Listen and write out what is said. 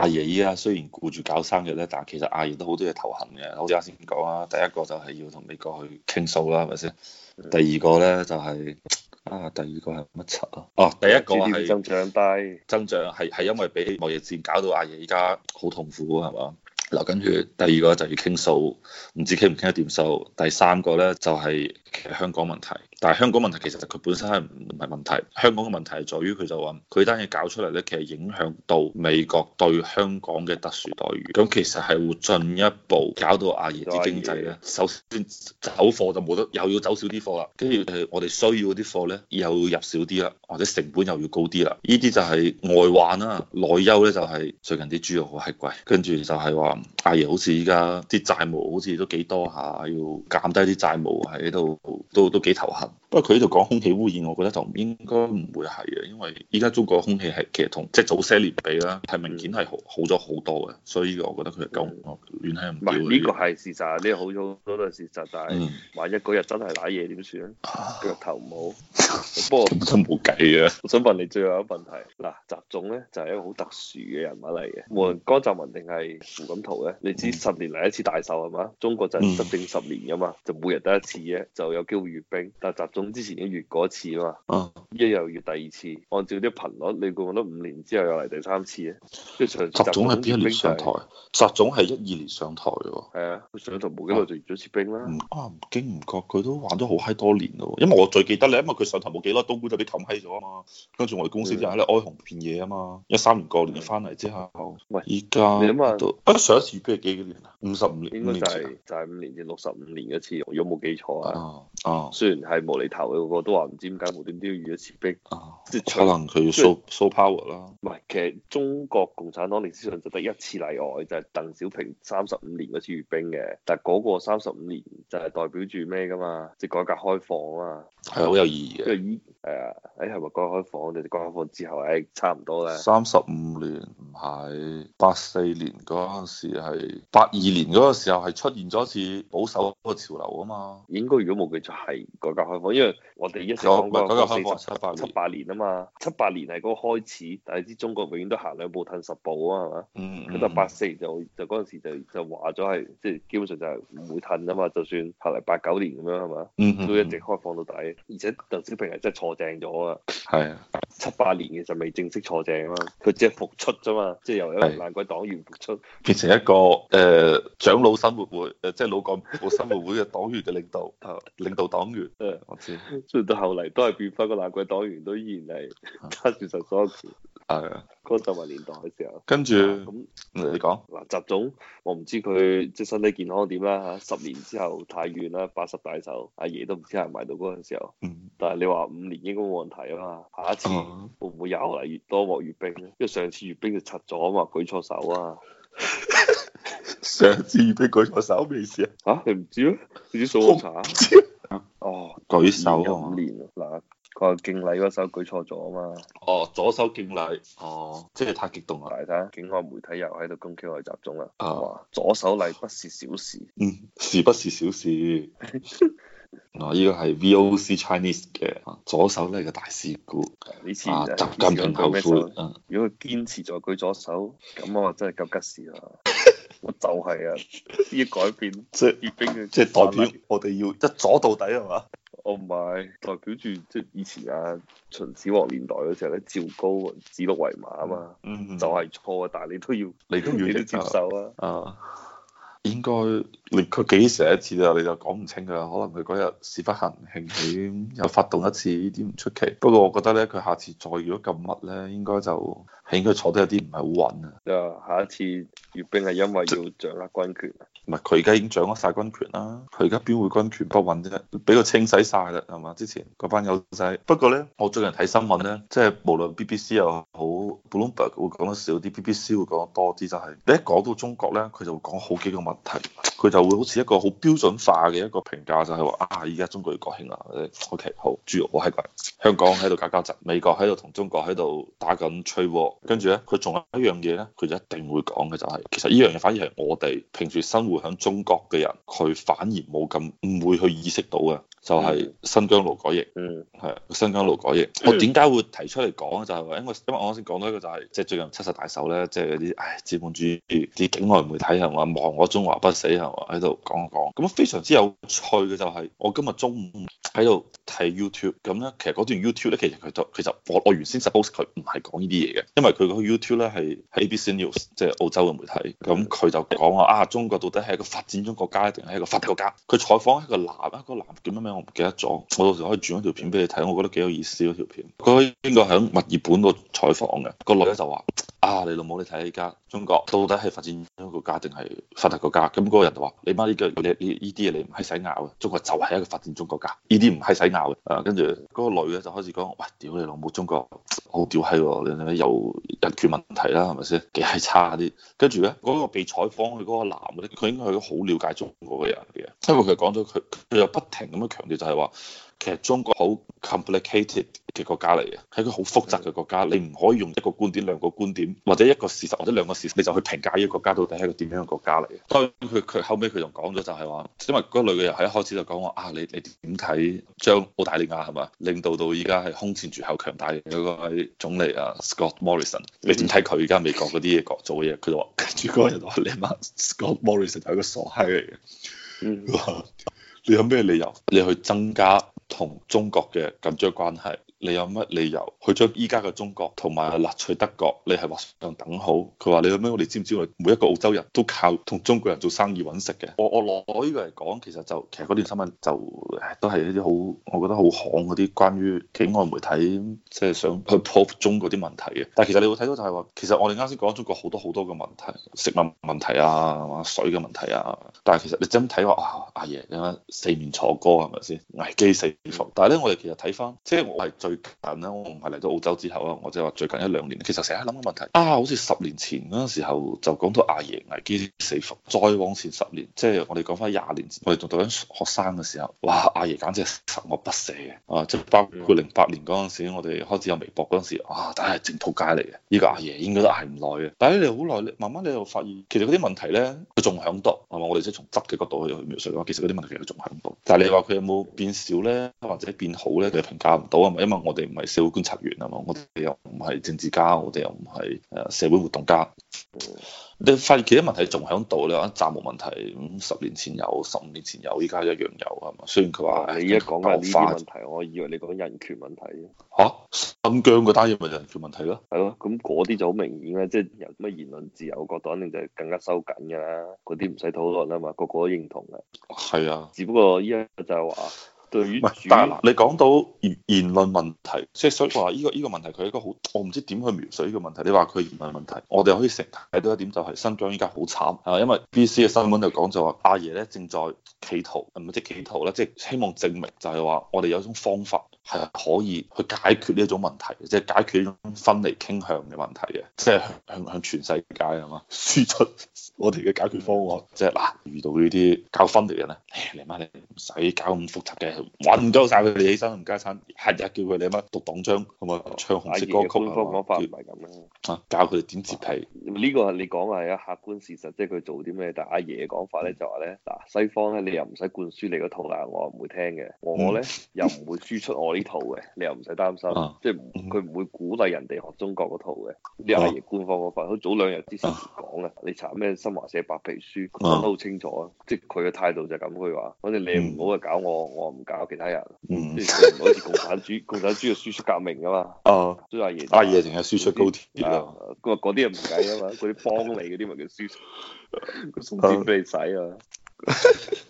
阿爺依家雖然顧住搞生日咧，但係其實阿爺都好多嘢頭痕嘅。好似啱先講啊，第一個就係要同美國去傾數啦，係咪先？是的 第二個咧就係、是、啊，第二個係乜柒啊？哦，第一個係增長低，增長係係因為俾貿易戰搞到阿爺依家好痛苦，係嘛？嗱，跟住第二個就要傾數，唔知傾唔傾得掂數。第三個呢就係其實香港問題，但係香港問題其實佢本身係唔係問題，香港嘅問題係在於佢就話佢呢單嘢搞出嚟呢，其實影響到美國對香港嘅特殊待遇，咁其實係會進一步搞到阿爺啲經濟咧。首先走貨就冇得，又要走少啲貨啦，跟住我哋需要嗰啲貨呢，又要入少啲啦，或者成本又要高啲啦，呢啲就係外患啦，內憂呢，就係最近啲豬肉好閪貴，跟住就係話。阿爺、哎、好似依家啲債務好似都幾多下，要減低啲債務喺度，都都，都幾頭痕。不過佢呢度講空氣污染，我覺得就應該唔會係嘅，因為依家中國空氣係其實同即係早些年比啦，係明顯係好好咗好多嘅，所以呢個我覺得佢係講遠睇唔到。唔係呢個係事實，呢、這個好咗好多都係事實，但係、嗯、萬一嗰日真係瀨嘢點算？啊、腳頭唔好，啊、不過都冇計嘅。我想問你最後一個問題，嗱，習總咧就係、是、一個好特殊嘅人物嚟嘅，無論江澤民定係胡錦濤咧，你知十年嚟一次大壽係嘛？嗯、中國就係執政十年噶嘛，就每日得一次嘅就有機會閱兵，但係習總。咁之前已經越過一次啊嘛，依家、啊、又越第二次，按照啲頻率，你估咗五年之後又嚟第三次啊？即係上習總係邊一年上台？習是總係一二年上台喎。係啊，佢上台冇幾耐就越咗次兵啦、啊。啊，唔經唔覺，佢都玩咗好嗨多年咯。因為我最記得你，因為佢上台冇幾耐，東莞就俾冚閪咗啊嘛。跟住我哋公司啲人喺度哀鴻遍野啊嘛。一三年過年翻嚟之後，唔係依家你諗下都，上一次越兵係幾多年？五十五年，年啊、應該就係、是、就係、是、五年至六十五年一次，如果冇記錯啊。哦，uh, uh, 雖然係無厘頭嘅，個都話唔知點解無端端要閱一次兵。哦、uh,，可能佢要 show、就是、說 power 啦。唔係，其實中國共產黨歷史上就得一次例外，就係、是、鄧小平三十五年嗰次閱兵嘅。但係嗰個三十五年就係代表住咩㗎嘛？即、就、係、是、改革開放啊嘛。係好、uh, 有意義嘅。係誒係咪改革開放？你哋改革開放之後，誒差唔多啦。三十五年唔係八四年嗰陣時係八二年嗰個時候係出現咗一次保守嗰個潮流啊嘛。應該如果冇記錯係改革開放，因為我哋一直講過改革開放，七八年啊嘛，七八年係嗰個開始，但係知中國永遠都行兩步褪十步啊嘛，嗯,嗯,嗯，咁但係八四年就就嗰陣時就就話咗係即係基本上就係唔會褪啊嘛，就算後嚟八九年咁樣係嘛，嗯，都一直開放到底，而且鄧小平係真係坐。坐正咗啊！係啊，七八年其實未正式坐正啊嘛，佢只係復出啫嘛，即係由一個爛鬼黨員復出，變成一個誒長老生活會誒，即係老幹部生活會嘅黨員嘅領導，領導黨員啊，我知。到後嚟都係變翻個爛鬼黨員，都依然係揸住實所有事。係啊，嗰個舊年代嘅時候。跟住咁你講嗱，習總我唔知佢即係身體健康點啦吓，十年之後太遠啦，八十大壽，阿爺都唔知係咪到嗰個時候。但係你話五年應該冇問題啊嘛，下一次會唔會又嚟越多鑊閱兵咧？因為上次閱兵就拆咗啊嘛，舉錯手啊！上次閱兵舉錯手未事啊？吓你唔知咩？你唔數查哦，舉手五年嗱，佢敬禮嗰手舉錯咗啊嘛。哦，左手敬禮。哦，即係太激動啦！你睇，境外媒體又喺度攻擊我哋集中啦。啊，左手禮不是小事。嗯，是不是小事？ 嗱，呢個係 VOC Chinese 嘅，左手咧個大事故，呢次啊，習近平頭盔，啊、如果佢堅持在佢左手，咁我話真係夠吉事啦， 就係啊，呢要改變，即係閱兵嘅，即係代表我哋要一咗到底係嘛？我唔係，啊、代表住即係以前啊秦始皇年代嗰時候咧，趙高指鹿為馬啊嘛，嗯、就係錯啊，但係你都要，你都要接受啊。啊 應該你佢幾時一次啊？你就講唔清㗎啦。可能佢嗰日屎忽行興起，又發動一次呢啲唔出奇。不過我覺得咧，佢下次再遇咗咁密咧，應該就係應該坐得有啲唔係好穩啊。啊，下一次閱兵係因為要掌握軍權，唔係佢而家已經掌握晒軍權啦。佢而家邊會軍權不穩啫？俾佢清洗晒啦，係嘛？之前嗰班友仔。不過咧，我最近睇新聞咧，即係無論 BBC 又好，Bloomberg 會講得少啲，BBC 會講得多啲，就係、是、你一講到中國咧，佢就會講好幾個問題。問題，佢就會好似一個好標準化嘅一個評價，就係話：啊，依家中國要國慶啊！OK，好，豬肉我喺香港喺度搞搞震，美國喺度同中國喺度打緊吹鍋。跟住咧，佢仲有一樣嘢咧，佢就一定會講嘅就係、是，其實呢樣嘢反而係我哋平時生活喺中國嘅人，佢反而冇咁唔會去意識到嘅，就係、是、新疆勞改營。嗯，係新疆勞改營。嗯、我點解會提出嚟講呢？就係、是、因為因為我先講到一個就係、是，即、就、係、是、最近七十大壽咧，即係啲唉資本主義啲境外媒體係話望我中。中華不死係嘛？喺度講一講咁非常之有趣嘅就係我今日中午喺度睇 YouTube 咁咧，其實嗰段 YouTube 咧，其實佢就其實我我原先 suppose 佢唔係講呢啲嘢嘅，因為佢嗰個 YouTube 咧係 ABC News，即係澳洲嘅媒體。咁佢就講話啊，啊，中國到底係一個發展中國家定係一個發達國家？佢採訪一個男，一個男叫咩名我唔記得咗。我到時可以轉嗰條片俾你睇，我覺得幾有意思嗰條片。佢應該喺墨爾本度採訪嘅個女咧就話。你老母你睇下依家中國到底係發展中國家定係發達國家？咁嗰個人就話：「你媽呢句，你呢啲嘢你唔使拗嘅。中國就係一個發展中國家，呢啲唔係使拗嘅。啊、嗯，跟住嗰個女嘅就開始講：「哇！屌你老母，中國。」好屌閪，你你又人權問題啦，係咪先幾係差啲？跟住咧，嗰個被採訪佢嗰個男嘅咧，佢應該係好了解中國嘅人嚟嘅，因為佢講咗佢佢又不停咁樣強調就係話，其實中國好 complicated 嘅國家嚟嘅，係一個好複雜嘅國家，你唔可以用一個觀點、兩個觀點或者一個事實或者兩個事實你就去評價呢個國家到底係一個點樣嘅國家嚟嘅。當然佢佢後尾，佢仲講咗就係話，因為嗰女嘅又一開始就講話啊，你你點睇將澳大利亞係嘛，令到到依家係空前絕後強大嘅一個。總理啊，Scott Morrison，你點睇佢而家美國嗰啲嘢做嘅嘢？佢就話，跟住嗰個人話你媽 Scott Morrison 就係個傻閪嚟嘅。你有咩理由你去增加同中國嘅緊張關係？你有乜理由去將依家嘅中國同埋納粹德國，你係畫上等號？佢話你有咩？知知我哋知唔知我哋每一個澳洲人都靠同中國人做生意揾食嘅？我我攞呢個嚟講，其實就其實嗰段新聞就都係一啲好，我覺得好戇嗰啲關於境外媒體即係、就是、想去 prop 中嗰啲問題嘅。但係其實你會睇到就係話，其實我哋啱先講中國好多好多嘅問題，食物問題啊，水嘅問題啊。但係其實你咁睇話，阿爺點四面楚歌係咪先危機四伏？但係咧，我哋其實睇翻，即係我係但近我唔係嚟到澳洲之後啊，或者話最近一兩年，其實成日諗個問題啊，好似十年前嗰陣時候就講到阿爺危機四伏，再往前十年，即係我哋講翻廿年，我哋仲讀緊學生嘅時候，哇，阿爺簡直係十惡不赦嘅啊！即係包括零八年嗰陣時，我哋開始有微博嗰陣時，哇、啊，真係整套街嚟嘅。呢個阿爺應該都挨唔耐嘅，但係你好耐，你慢慢你又發現，其實嗰啲問題咧，佢仲響度。係咪？我哋即係從質嘅角度去去描述嘅話。其實嗰啲問題其實仲響度。但係你話佢有冇變少咧，或者變好咧，你評價唔到啊嘛，因為我哋唔係社會觀察員啊嘛，我哋又唔係政治家，我哋又唔係誒社會活動家。的你發現其他問題仲喺度咧，暫無問題。咁、嗯、十年前有，十五年前有，依家一樣有係嘛？雖然佢話你依家講緊呢啲問題，嗯、我以為你講人權問題。嚇、啊，新疆嗰單嘢咪人權問題咯？係咯，咁嗰啲就好明顯啦，即係由乜言論自由角度，肯定就更加收緊㗎啦。嗰啲唔使討論啊嘛，個個都認同嘅。係啊的，的只不過依家就係話。唔係，但係你講到言言論問題，即係所以話呢個呢個問題佢應該好，我唔知點去描述呢個問題。你話佢言論問題，我哋可以承認睇到一點就係新疆依家好慘啊，因為 BBC 嘅新聞就講就話阿爺咧正在企圖，唔係即係企圖啦，即係希望證明就係話我哋有一種方法。係可以去解決呢一種問題，即係解決呢種分離傾向嘅問題嘅，即係向向全世界啊嘛輸出我哋嘅解決方案。即係嗱，遇到呢啲搞分離嘅人咧，你媽你唔使搞咁複雜嘅，揾鳩晒佢哋起身同家產，日日叫佢你媽讀黨章同埋唱紅色歌曲啊嘛，講法唔係咁樣啊，教佢哋點接皮。呢個係你講話嘅客觀事實，即係佢做啲咩。但阿爺講法咧就話咧，嗱西方咧你又唔使灌輸你嗰套啦，我唔會聽嘅。我咧又唔會輸出我 套嘅，你又唔使擔心，啊嗯、即係佢唔會鼓勵人哋學中國嗰套嘅。啲、就是、阿爺官方嗰份，佢早兩日之前講嘅，啊、你查咩新華社白皮書講得好清楚啊！即係佢嘅態度就係咁佢話，反正你唔好就搞我，我唔搞其他人。嗯，好似共產主、嗯、共產主義輸出革命㗎嘛。啊，所以阿爺阿爺淨係輸出高鐵啊，嗰嗰啲又唔計啊嘛，嗰、嗯、啲、嗯、幫你嗰啲咪叫輸出，送錢俾你使啊！啊